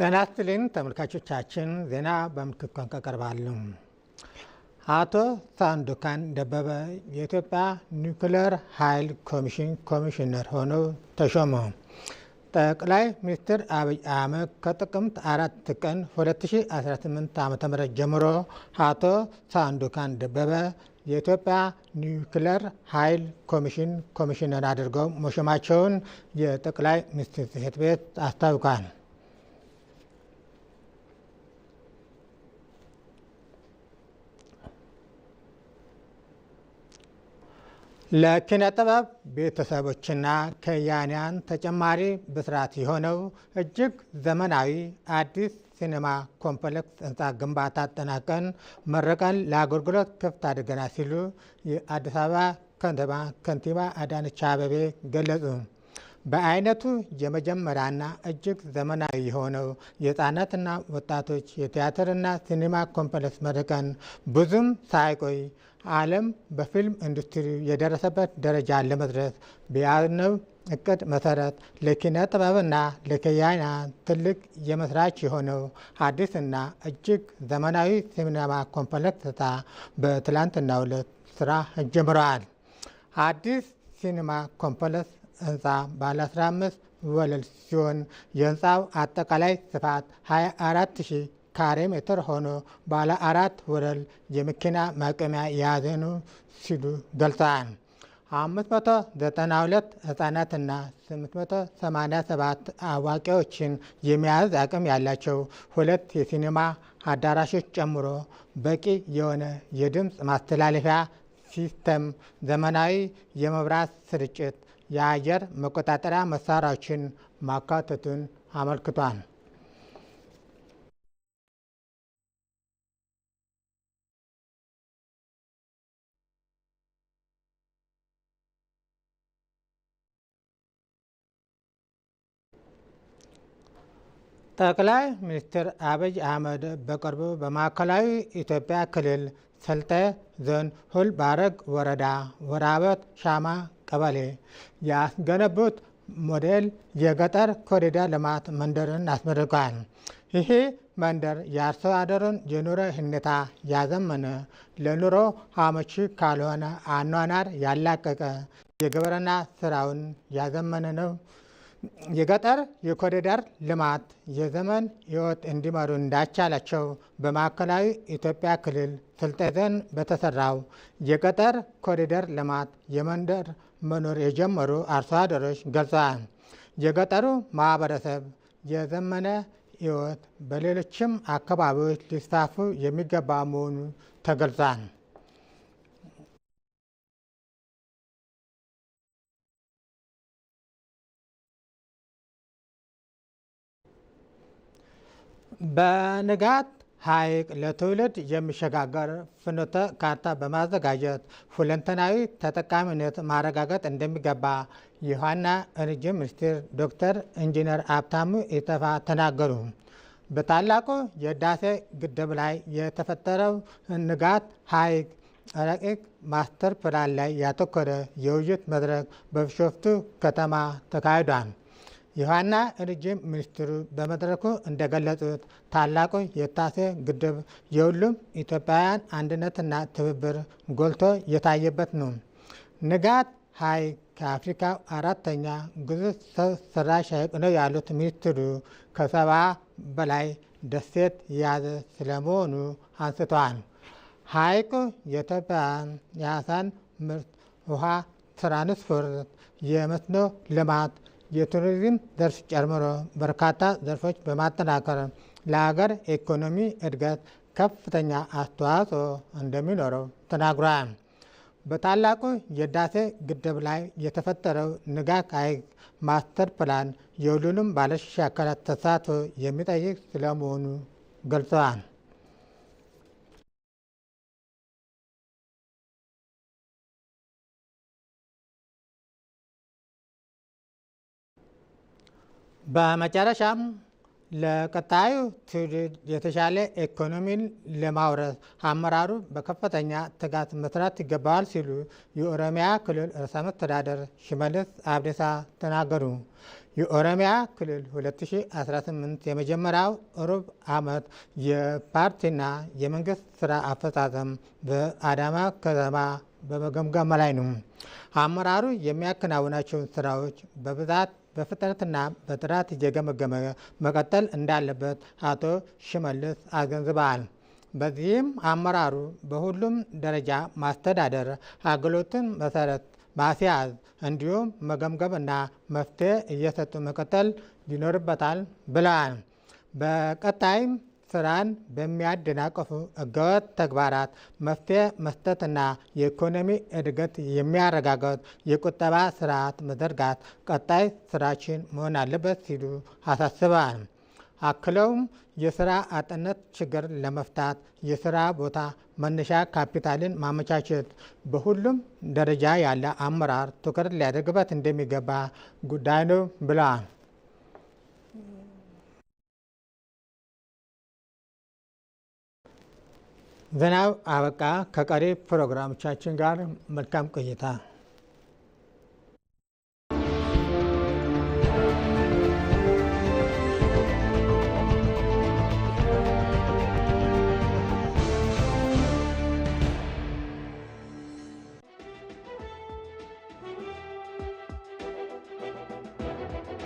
ጤና ይስጥልኝ ተመልካቾቻችን፣ ዜና በምልክት ቋንቋ ቀርባሉ። አቶ ሳንዶካን ደበበ የኢትዮጵያ ኒውክሌር ኃይል ኮሚሽን ኮሚሽነር ሆነው ተሾመ። ጠቅላይ ሚኒስትር አብይ አህመድ ከጥቅምት አራት ቀን 2018 ዓ ም ጀምሮ አቶ ሳንዶካን ደበበ የኢትዮጵያ ኒውክሌር ኃይል ኮሚሽን ኮሚሽነር አድርገው መሾማቸውን የጠቅላይ ሚኒስትር ጽሕፈት ቤት አስታውቋል። ለኪነ ጥበብ ቤተሰቦችና ከያንያን ተጨማሪ ብስራት የሆነው እጅግ ዘመናዊ አዲስ ሲኔማ ኮምፕሌክስ ህንፃ ግንባታ አጠናቀን መረቀን ለአገልግሎት ክፍት አድርገናል ሲሉ የአዲስ አበባ ከተማ ከንቲባ አዳነች አቤቤ ገለጹ። በአይነቱ የመጀመሪያና እጅግ ዘመናዊ የሆነው የህፃናትና ወጣቶች የቲያትርና ሲኒማ ኮምፕሌክስ መድከን ብዙም ሳይቆይ ዓለም በፊልም ኢንዱስትሪ የደረሰበት ደረጃ ለመድረስ ቢያነው እቅድ መሰረት ለኪነ ጥበብና ለከያና ትልቅ የመስራች የሆነው አዲስና እጅግ ዘመናዊ ሲኒማ ኮምፕሌክስ ህንፃ በትላንትናው ዕለት ስራ ጀምረዋል። አዲስ ሲኒማ ኮምፕሌክስ ህንፃ ባለ 15 ወለል ሲሆን የህንፃው አጠቃላይ ስፋት 24000 ካሬ ሜትር ሆኖ ባለ አራት ወለል የመኪና ማቆሚያ የያዘ ነው ሲሉ ገልጸዋል። 592 ህጻናትና 887 አዋቂዎችን የመያዝ አቅም ያላቸው ሁለት የሲኒማ አዳራሾች ጨምሮ በቂ የሆነ የድምፅ ማስተላለፊያ ሲስተም፣ ዘመናዊ የመብራት ስርጭት የአየር መቆጣጠሪያ መሳሪያዎችን ማካተቱን አመልክቷል። ጠቅላይ ሚኒስትር አብይ አህመድ በቅርቡ በማዕከላዊ ኢትዮጵያ ክልል ስልጤ ዞን ሁል ባረግ ወረዳ ወራበት ሻማ ቀበሌ ያስገነቡት ሞዴል የገጠር ኮሪደር ልማት መንደርን አስመርገዋል። ይሄ መንደር የአርሶ አደሩን የኑሮ ሁኔታ ያዘመነ፣ ለኑሮ አመቺ ካልሆነ አኗኗር ያላቀቀ፣ የግብርና ስራውን ያዘመነ ነው። የገጠር የኮሪደር ልማት የዘመን ህይወት እንዲመሩ እንዳቻላቸው በማዕከላዊ ኢትዮጵያ ክልል ስልጤ ዞን በተሰራው የገጠር ኮሪደር ልማት የመንደር መኖር የጀመሩ አርሶ አደሮች ገልጸዋል። የገጠሩ ማህበረሰብ የዘመነ ህይወት በሌሎችም አካባቢዎች ሊስታፉ የሚገባ መሆኑ ተገልጿል። በንጋት ሐይቅ ለትውልድ የሚሸጋገር ፍኖተ ካርታ በማዘጋጀት ሁለንተናዊ ተጠቃሚነት ማረጋገጥ እንደሚገባ የውሃና ኢነርጂ ሚኒስትር ዶክተር ኢንጂነር አብታሙ ኢተፋ ተናገሩ። በታላቁ የህዳሴ ግድብ ላይ የተፈጠረው ንጋት ሐይቅ ረቂቅ ማስተር ፕላን ላይ ያተኮረ የውይይት መድረክ በቢሾፍቱ ከተማ ተካሂዷል። የውሃና ኤነርጂ ሚኒስትሩ በመድረኩ እንደገለጹት ታላቁ የህዳሴ ግድብ የሁሉም ኢትዮጵያውያን አንድነትና ትብብር ጎልቶ የታየበት ነው። ንጋት ሐይቅ ከአፍሪካ አራተኛ ግዙፍ ሰው ሰራሽ ሐይቅ ነው ያሉት ሚኒስትሩ ከሰባ በላይ ደሴት የያዘ ስለመሆኑ አንስተዋል። ሐይቁ የኢትዮጵያን የአሳን ምርት፣ ውሃ ትራንስፖርት፣ የመስኖ ልማት የቱሪዝም ዘርፍ ጨምሮ በርካታ ዘርፎች በማጠናከር ለሀገር ኢኮኖሚ እድገት ከፍተኛ አስተዋጽኦ እንደሚኖረው ተናግሯል። በታላቁ የህዳሴ ግድብ ላይ የተፈጠረው ንጋት ሐይቅ ማስተር ፕላን የሁሉንም ባለድርሻ አካላት ተሳትፎ የሚጠይቅ ስለመሆኑ ገልጸዋል። በመጨረሻም ለቀጣዩ ትውልድ የተሻለ ኢኮኖሚን ለማውረስ አመራሩ በከፍተኛ ትጋት መስራት ይገባዋል ሲሉ የኦሮሚያ ክልል ርዕሰ መስተዳደር ሽመልስ አብዲሳ ተናገሩ። የኦሮሚያ ክልል 2018 የመጀመሪያው ሩብ ዓመት የፓርቲና የመንግስት ስራ አፈጻጸም በአዳማ ከተማ በመገምገም ላይ ነው። አመራሩ የሚያከናውናቸውን ስራዎች በብዛት በፍጥነትና በጥራት እየገመገመ መቀጠል እንዳለበት አቶ ሽመልስ አስገንዝበዋል። በዚህም አመራሩ በሁሉም ደረጃ ማስተዳደር፣ አገሎትን መሰረት ማስያዝ እንዲሁም መገምገምና መፍትሄ እየሰጡ መቀጠል ይኖርበታል ብለዋል። በቀጣይም ስራን በሚያደናቀፉ ህገወጥ ተግባራት መፍትሄ መስጠትና የኢኮኖሚ እድገት የሚያረጋግጥ የቁጠባ ስርዓት መዘርጋት ቀጣይ ስራችን መሆን አለበት ሲሉ አሳስበዋል። አክለውም የስራ አጥነት ችግር ለመፍታት የስራ ቦታ መነሻ ካፒታልን ማመቻቸት በሁሉም ደረጃ ያለ አመራር ትኩረት ሊያደርግበት እንደሚገባ ጉዳይ ነው ብለዋል። ዝናብ አበቃ። ከቀሪ ፕሮግራሞቻችን ጋር መልካም ቆይታ